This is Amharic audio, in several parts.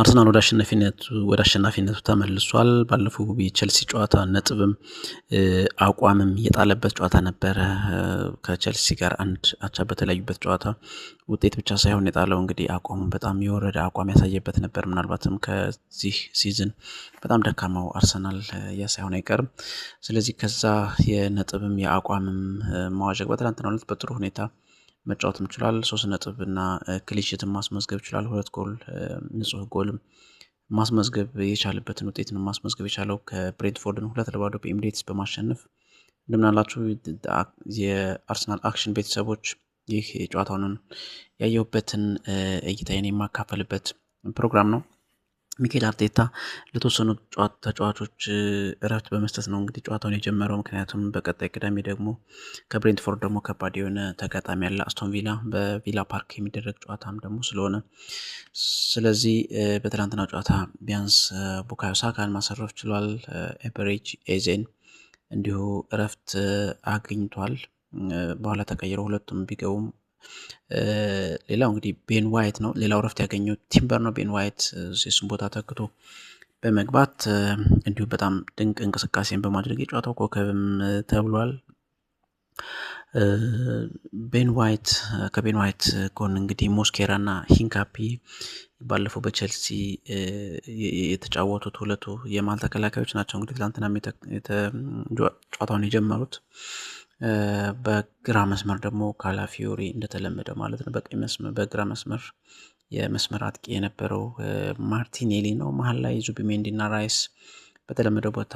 አርሰናል ወደ አሸናፊነቱ ወደ አሸናፊነቱ ተመልሷል። ባለፈው የቸልሲ ጨዋታ ነጥብም አቋምም የጣለበት ጨዋታ ነበረ። ከቸልሲ ጋር አንድ አቻ በተለያዩበት ጨዋታ ውጤት ብቻ ሳይሆን የጣለው እንግዲህ አቋሙ በጣም የወረደ አቋም ያሳየበት ነበር። ምናልባትም ከዚህ ሲዝን በጣም ደካማው አርሰናል ያ ሳይሆን አይቀርም። ስለዚህ ከዛ የነጥብም የአቋምም መዋዠቅ በትናንትናው ዕለት በጥሩ ሁኔታ መጫወትም ይችላል ሶስት ነጥብ እና ክሊሽትን ማስመዝገብ ችሏል። ሁለት ጎል ንጹህ ጎልም ማስመዝገብ የቻለበትን ውጤትን ማስመዝገብ የቻለው ከብሬንትፎርድን ሁለት ለባዶ በኤምሬትስ በማሸነፍ እንደምናላችሁ የአርሰናል አክሽን ቤተሰቦች ይህ ጨዋታውንን ያየሁበትን እይታዬን የማካፈልበት ፕሮግራም ነው። ሚኬል አርቴታ ለተወሰኑ ተጫዋቾች እረፍት በመስጠት ነው እንግዲህ ጨዋታውን የጀመረው። ምክንያቱም በቀጣይ ቅዳሜ ደግሞ ከብሬንትፎርድ ደግሞ ከባድ የሆነ ተጋጣሚ ያለ አስቶን ቪላ በቪላ ፓርክ የሚደረግ ጨዋታም ደግሞ ስለሆነ ስለዚህ በትናንትና ጨዋታ ቢያንስ ቡካዮ ሳካን ማሰረፍ ችሏል። ኤቨሬጅ ኤዜን እንዲሁ እረፍት አግኝቷል። በኋላ ተቀይረው ሁለቱም ቢገቡም ሌላው እንግዲህ ቤን ዋይት ነው። ሌላው ረፍት ያገኘው ቲምበር ነው። ቤን ዋይት የሱን ቦታ ተክቶ በመግባት እንዲሁም በጣም ድንቅ እንቅስቃሴን በማድረግ የጨዋታው ኮከብም ተብሏል። ቤን ዋይት ከቤን ዋይት ጎን እንግዲህ ሞስኬራ ና ሂንካፒ ባለፈው በቸልሲ የተጫወቱት ሁለቱ የማል ተከላካዮች ናቸው። እንግዲህ ትላንትና ጨዋታውን የጀመሩት በግራ መስመር ደግሞ ካላፊዮሪ እንደተለመደ ማለት ነው። በቀኝ መስመር በግራ መስመር የመስመር አጥቂ የነበረው ማርቲኔሊ ነው። መሀል ላይ ዙቢሜንዲ እና ራይስ በተለመደው ቦታ፣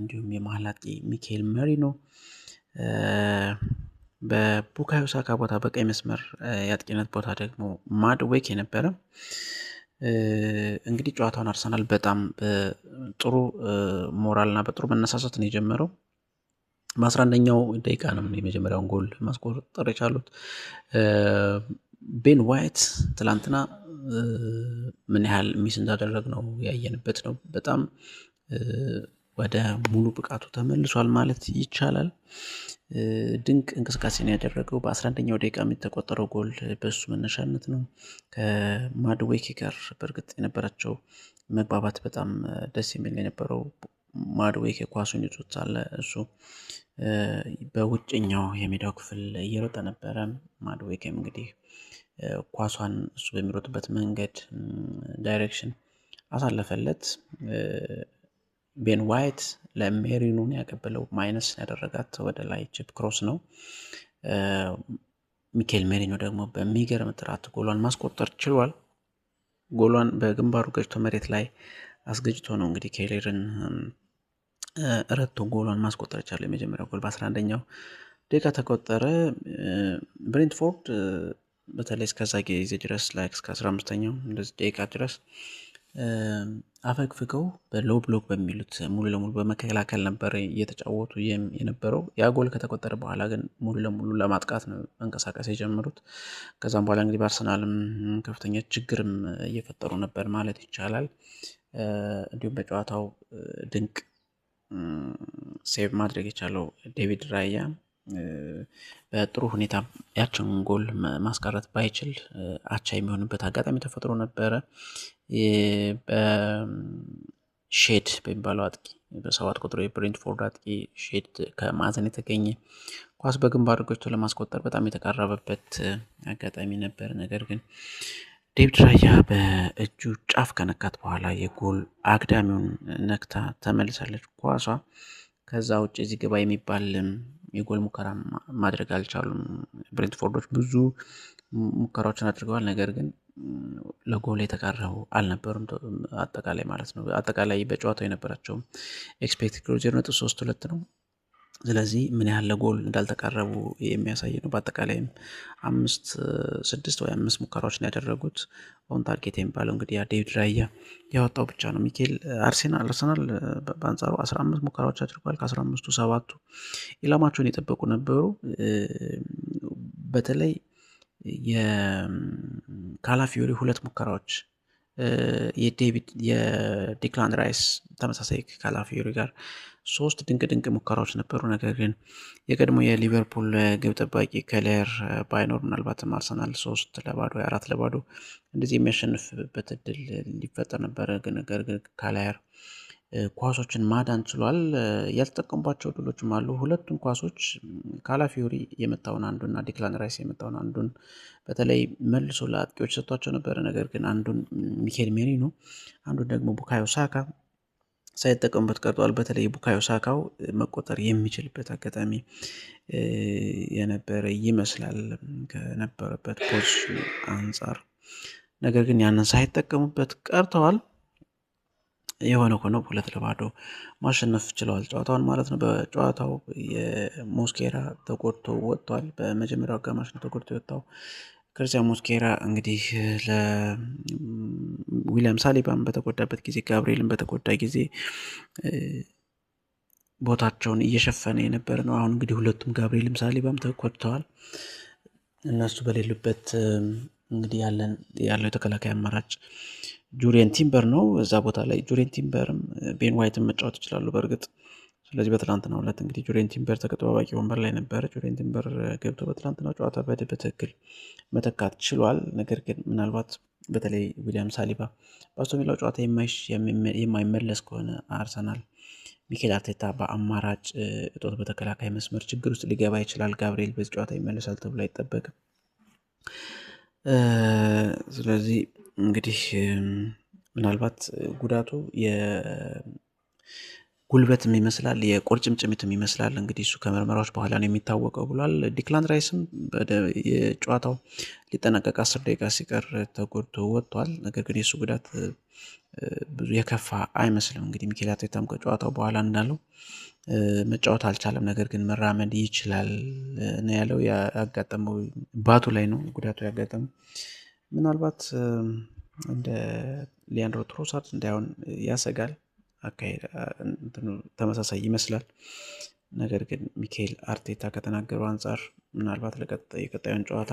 እንዲሁም የመሀል አጥቂ ሚካኤል መሪ ነው። በቡካዮ ሳካ ቦታ በቀኝ መስመር የአጥቂነት ቦታ ደግሞ ማድዌክ የነበረ እንግዲህ ጨዋታውን አርሰናል በጣም ጥሩ ሞራልና በጥሩ መነሳሳት ነው የጀመረው። በአስራ አንደኛው ደቂቃ ነው የመጀመሪያውን ጎል ማስቆጠር የቻሉት። ቤን ዋይት ትላንትና ምን ያህል ሚስ እንዳደረግ ነው ያየንበት ነው። በጣም ወደ ሙሉ ብቃቱ ተመልሷል ማለት ይቻላል። ድንቅ እንቅስቃሴ ነው ያደረገው በ11ኛው ደቂቃ የሚተቆጠረው ጎል በሱ መነሻነት ነው። ከማድዌኪ ጋር በእርግጥ የነበራቸው መግባባት በጣም ደስ የሚል የነበረው ማድዌኪ ኳሱን ይዞት አለ እሱ በውጭኛው የሜዳው ክፍል እየሮጠ ነበረ። ማድዌኬም እንግዲህ ኳሷን እሱ በሚሮጥበት መንገድ ዳይሬክሽን አሳለፈለት። ቤን ዋይት ለሜሪኑን ያቀበለው ማይነስ ያደረጋት ወደ ላይ ችፕ ክሮስ ነው። ሚካኤል ሜሪኖ ደግሞ በሚገርም ጥራት ጎሏን ማስቆጠር ችሏል። ጎሏን በግንባሩ ገጭቶ መሬት ላይ አስገጭቶ ነው እንግዲህ ኬሌርን ረቶ ጎሏን ማስቆጠር ይቻለ የመጀመሪያው ጎል በ11ኛው ደቂቃ ተቆጠረ። ብሬንትፎርድ በተለይ እስከዛ ጊዜ ድረስ ላይ እስከ 15ኛው እንደዚህ ደቂቃ ድረስ አፈግፍገው በሎ ብሎክ በሚሉት ሙሉ ለሙሉ በመከላከል ነበር እየተጫወቱ የነበረው። ያ ጎል ከተቆጠረ በኋላ ግን ሙሉ ለሙሉ ለማጥቃት ነው መንቀሳቀስ የጀመሩት። ከዛም በኋላ እንግዲህ በአርሰናልም ከፍተኛ ችግርም እየፈጠሩ ነበር ማለት ይቻላል። እንዲሁም በጨዋታው ድንቅ ሴቭ ማድረግ የቻለው ዴቪድ ራያ በጥሩ ሁኔታ ያቸውን ጎል ማስቀረት ባይችል አቻ የሚሆንበት አጋጣሚ ተፈጥሮ ነበረ። በሼድ በሚባለው አጥቂ በሰባት ቁጥር የብሬንትፎርድ አጥቂ ሼድ ከማዕዘን የተገኘ ኳስ በግንባር ጎጅቶ ለማስቆጠር በጣም የተቃረበበት አጋጣሚ ነበር። ነገር ግን ዴቪድ ራያ በእጁ ጫፍ ከነካት በኋላ የጎል አግዳሚውን ነክታ ተመልሳለች ኳሷ። ከዛ ውጭ እዚህ ግባ የሚባል የጎል ሙከራ ማድረግ አልቻሉም። ብሬንትፎርዶች ብዙ ሙከራዎችን አድርገዋል፣ ነገር ግን ለጎል የተቃረቡ አልነበሩም። አጠቃላይ ማለት ነው አጠቃላይ በጨዋታው የነበራቸውም ኤክስፔክት ዜሮ ነጥብ ሶስት ሁለት ነው። ስለዚህ ምን ያህል ለጎል እንዳልተቃረቡ የሚያሳይ ነው። በአጠቃላይም አምስት ስድስት ወይ አምስት ሙከራዎች ነው ያደረጉት። ኦን ታርጌት የሚባለው እንግዲህ ዴቪድ ራያ ያወጣው ብቻ ነው። ሚኬል አርሴናል አርሰናል በአንጻሩ አስራ አምስት ሙከራዎች አድርጓል። ከአስራ አምስቱ ሰባቱ ኢላማቸውን የጠበቁ ነበሩ። በተለይ የካላፊዮሪ ሁለት ሙከራዎች የዴቪድ የዲክላን ራይስ ተመሳሳይ ካላፊዮሪ ጋር ሶስት ድንቅ ድንቅ ሙከራዎች ነበሩ። ነገር ግን የቀድሞ የሊቨርፑል ግብ ጠባቂ ከሌር ባይኖር ምናልባትም አርሰናል ሶስት ለባዶ አራት ለባዶ እንደዚህ የሚያሸንፍበት እድል ሊፈጠር ነበረ። ነገር ግን ካላየር ኳሶችን ማዳን ችሏል። ያልተጠቀሙባቸው ድሎችም አሉ። ሁለቱን ኳሶች ካላፊዮሪ የመታውን አንዱና ዲክላን ራይስ የመታውን አንዱን በተለይ መልሶ ለአጥቂዎች ሰጥቷቸው ነበረ። ነገር ግን አንዱን ሚኬል ሜሪኖ አንዱን ደግሞ ቡካዮ ሳካ ሳይጠቀሙበት ቀርጠዋል። በተለይ ቡካዮ ሳካው መቆጠር የሚችልበት አጋጣሚ የነበረ ይመስላል ከነበረበት ፖዚሽን አንጻር፣ ነገር ግን ያንን ሳይጠቀሙበት ቀርተዋል። የሆነ ሆኖ ሁለት ለባዶ ማሸነፍ ችለዋል ጨዋታውን ማለት ነው። በጨዋታው የሞስኬራ ተጎድቶ ወጥቷል። በመጀመሪያው አጋማሽ ነው ተጎድቶ የወጣው። ክርስቲያን ሞስኬራ እንግዲህ ለዊሊያም ሳሊባን በተጎዳበት ጊዜ፣ ጋብሪኤልን በተጎዳ ጊዜ ቦታቸውን እየሸፈነ የነበረ ነው። አሁን እንግዲህ ሁለቱም ጋብሪኤልም ሳሊባም ተጎድተዋል። እነሱ በሌሉበት እንግዲህ ያለን ያለው የተከላካይ አማራጭ ጁሪየን ቲምበር ነው። እዛ ቦታ ላይ ጁሪየን ቲምበርም ቤን ዋይትን መጫወት ይችላሉ በእርግጥ ስለዚህ በትላንትና ሁለት እንግዲህ ጁሪየን ቲምበር ተጠባባቂ ወንበር ላይ ነበረ። ጁሪየን ቲምበር ገብቶ በትላንትና ጨዋታ በደንብ በትክክል መተካት ችሏል። ነገር ግን ምናልባት በተለይ ዊሊያም ሳሊባ በአስቶሚላው ጨዋታ የማይመለስ ከሆነ አርሰናል ሚኬል አርቴታ በአማራጭ እጦት በተከላካይ መስመር ችግር ውስጥ ሊገባ ይችላል። ጋብርኤል በዚህ ጨዋታ ይመለሳል ተብሎ አይጠበቅም። ስለዚህ እንግዲህ ምናልባት ጉዳቱ የጉልበትም ይመስላል የቁርጭምጭሚትም ይመስላል። እንግዲህ እሱ ከምርመራዎች በኋላ ነው የሚታወቀው ብሏል። ዲክላንድ ራይስም የጨዋታው ሊጠናቀቅ አስር ደቂቃ ሲቀር ተጎድቶ ወጥቷል። ነገር ግን የእሱ ጉዳት ብዙ የከፋ አይመስልም። እንግዲህ ሚኬል አርቴታም ከጨዋታው በኋላ እንዳለው መጫወት አልቻለም፣ ነገር ግን መራመድ ይችላል ነው ያለው። ያጋጠመው ባቱ ላይ ነው ጉዳቱ ያጋጠመው። ምናልባት እንደ ሊያንድሮ ትሮሳርድ እንዳይሆን ያሰጋል። አካሄድ ተመሳሳይ ይመስላል። ነገር ግን ሚካኤል አርቴታ ከተናገሩ አንጻር ምናልባት የቀጣዩን ጨዋታ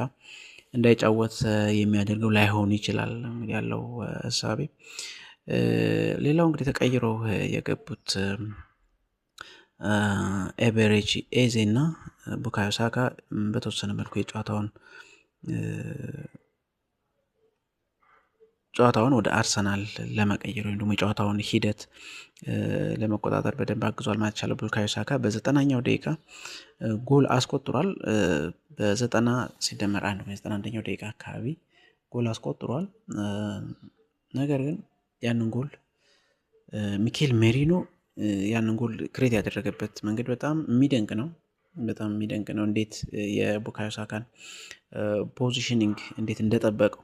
እንዳይጫወት የሚያደርገው ላይሆን ይችላል ያለው እሳቤ። ሌላው እንግዲህ ተቀይረው የገቡት ኤቨሬጅ ኤዜ እና ቡካዮ ሳካ በተወሰነ መልኩ የጨዋታውን ጨዋታውን ወደ አርሰናል ለመቀየር ወይም ደግሞ የጨዋታውን ሂደት ለመቆጣጠር በደንብ አግዟል ማለት ይቻላል። ቡካዮ ሳካ በዘጠናኛው ደቂቃ ጎል አስቆጥሯል። በዘጠና ሲደመር አንድ ወይ ዘጠና አንደኛው ደቂቃ አካባቢ ጎል አስቆጥሯል። ነገር ግን ያንን ጎል ሚኬል ሜሪኖ ያንን ጎል ክሬት ያደረገበት መንገድ በጣም የሚደንቅ ነው። በጣም የሚደንቅ ነው። እንዴት የቡካዮ ሳካን ፖዚሽኒንግ እንዴት እንደጠበቀው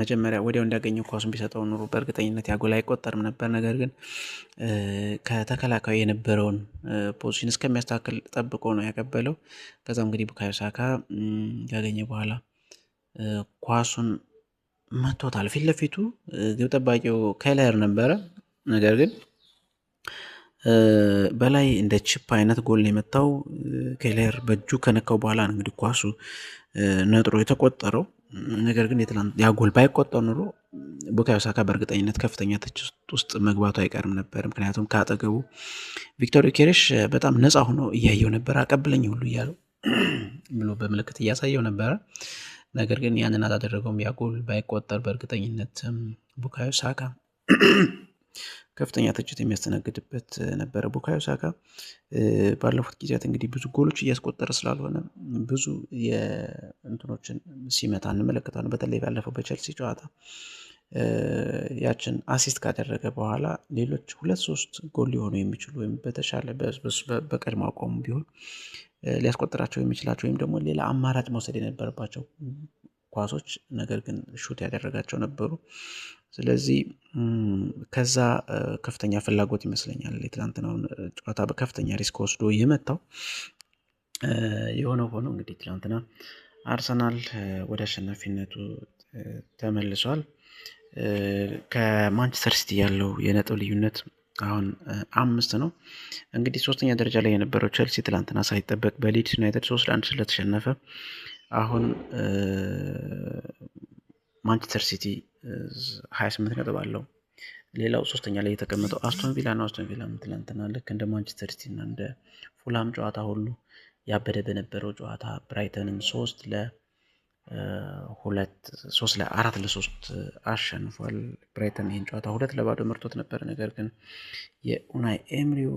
መጀመሪያ ወዲያው እንዳገኘው ኳሱን ቢሰጠው ኑሮ በእርግጠኝነት ያጎል አይቆጠርም ነበር። ነገር ግን ከተከላካዩ የነበረውን ፖዚሽን እስከሚያስተካክል ጠብቆ ነው ያቀበለው። ከዛም እንግዲህ ቡካዮ ሳካ ካገኘ በኋላ ኳሱን መቶታል። ፊት ለፊቱ ግብ ጠባቂው ከለር ነበረ። ነገር ግን በላይ እንደ ቺፕ አይነት ጎል ነው የመታው። ከለር በእጁ ከነካው በኋላ ነው እንግዲህ ኳሱ ነጥሮ የተቆጠረው። ነገር ግን ያ ጎል ባይቆጠር ኑሮ ቡካዮ ሳካ በእርግጠኝነት ከፍተኛ ትችት ውስጥ መግባቱ አይቀርም ነበር። ምክንያቱም ከአጠገቡ ቪክቶሪ ኬሬሽ በጣም ነፃ ሆኖ እያየው ነበር። አቀብለኝ ሁሉ እያለው ብሎ በምልክት እያሳየው ነበረ። ነገር ግን ያንን አላደረገውም። ያ ጎል ባይቆጠር በእርግጠኝነት ቡካዮ ሳካ ከፍተኛ ትችት የሚያስተናግድበት ነበረ። ቡካዮ ሳካ ባለፉት ጊዜያት እንግዲህ ብዙ ጎሎች እያስቆጠረ ስላልሆነ ብዙ የእንትኖችን ሲመታ እንመለከታለን። በተለይ ባለፈው በቸልሲ ጨዋታ ያችን አሲስት ካደረገ በኋላ ሌሎች ሁለት ሶስት ጎል ሊሆኑ የሚችሉ ወይም በተሻለ በቀድሞ አቋሙ ቢሆን ሊያስቆጥራቸው የሚችላቸው ወይም ደግሞ ሌላ አማራጭ መውሰድ የነበረባቸው ኳሶች ነገር ግን ሹት ያደረጋቸው ነበሩ። ስለዚህ ከዛ ከፍተኛ ፍላጎት ይመስለኛል የትላንትናውን ጨዋታ በከፍተኛ ሪስክ ወስዶ የመታው። የሆነ ሆኖ እንግዲህ ትላንትና አርሰናል ወደ አሸናፊነቱ ተመልሷል። ከማንቸስተር ሲቲ ያለው የነጥብ ልዩነት አሁን አምስት ነው። እንግዲህ ሶስተኛ ደረጃ ላይ የነበረው ቸልሲ ትላንትና ሳይጠበቅ በሊድስ ዩናይትድ ሶስት ለአንድ ስለተሸነፈ አሁን ማንቸስተር ሲቲ 28 ነጥብ አለው። ሌላው ሶስተኛ ላይ የተቀመጠው አስቶን ቪላ ነው። አስቶን ቪላ ምትለንትና ልክ እንደ ማንቸስተር ሲቲ እና እንደ ፉላም ጨዋታ ሁሉ ያበደ በነበረው ጨዋታ ብራይተንን ሶስት ለሁለት ሶስት ለአራት ለሶስት አሸንፏል። ብራይተን ይህን ጨዋታ ሁለት ለባዶ መርቶት ነበር። ነገር ግን የኡናይ ኤምሪው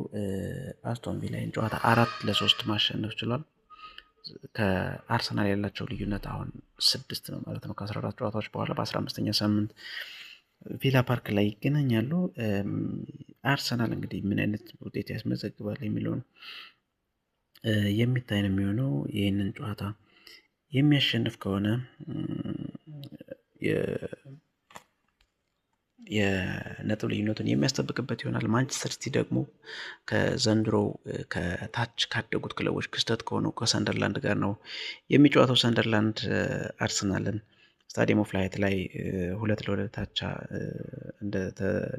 አስቶን ጨዋታ አራት ለሶስት ማሸነፍ ችሏል። ከአርሰናል ያላቸው ልዩነት አሁን ስድስት ነው ማለት ነው። ከአስራ አራት ጨዋታዎች በኋላ በአስራ አምስተኛ ሳምንት ቪላ ፓርክ ላይ ይገናኛሉ። አርሰናል እንግዲህ ምን አይነት ውጤት ያስመዘግባል የሚለውን የሚታይ ነው የሚሆነው። ይህንን ጨዋታ የሚያሸንፍ ከሆነ የነጥብ ልዩነቱን የሚያስጠብቅበት ይሆናል። ማንቸስተር ሲቲ ደግሞ ከዘንድሮ ከታች ካደጉት ክለቦች ክስተት ከሆነው ከሰንደርላንድ ጋር ነው የሚጫወተው። ሰንደርላንድ አርሰናልን ስታዲየም ኦፍ ላይት ላይ ሁለት ለሁለት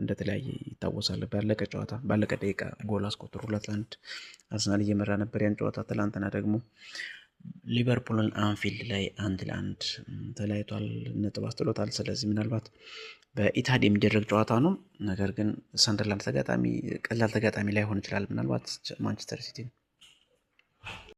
እንደተለያየ ይታወሳል። ባለቀ ጨዋታ ባለቀ ደቂቃ ጎል አስቆጥሮ ሁለት ለአንድ አርስናል እየመራ ነበር ያን ጨዋታ። ትላንትና ደግሞ ሊቨርፑልን አንፊልድ ላይ አንድ ለአንድ ተለያይቷል፣ ነጥብ አስጥሎታል። ስለዚህ ምናልባት በኢታድ የሚደረግ ጨዋታ ነው። ነገር ግን ሰንደርላንድ ተጋጣሚ ቀላል ተጋጣሚ ላይሆን ይችላል። ምናልባት ማንቸስተር ሲቲ ነው።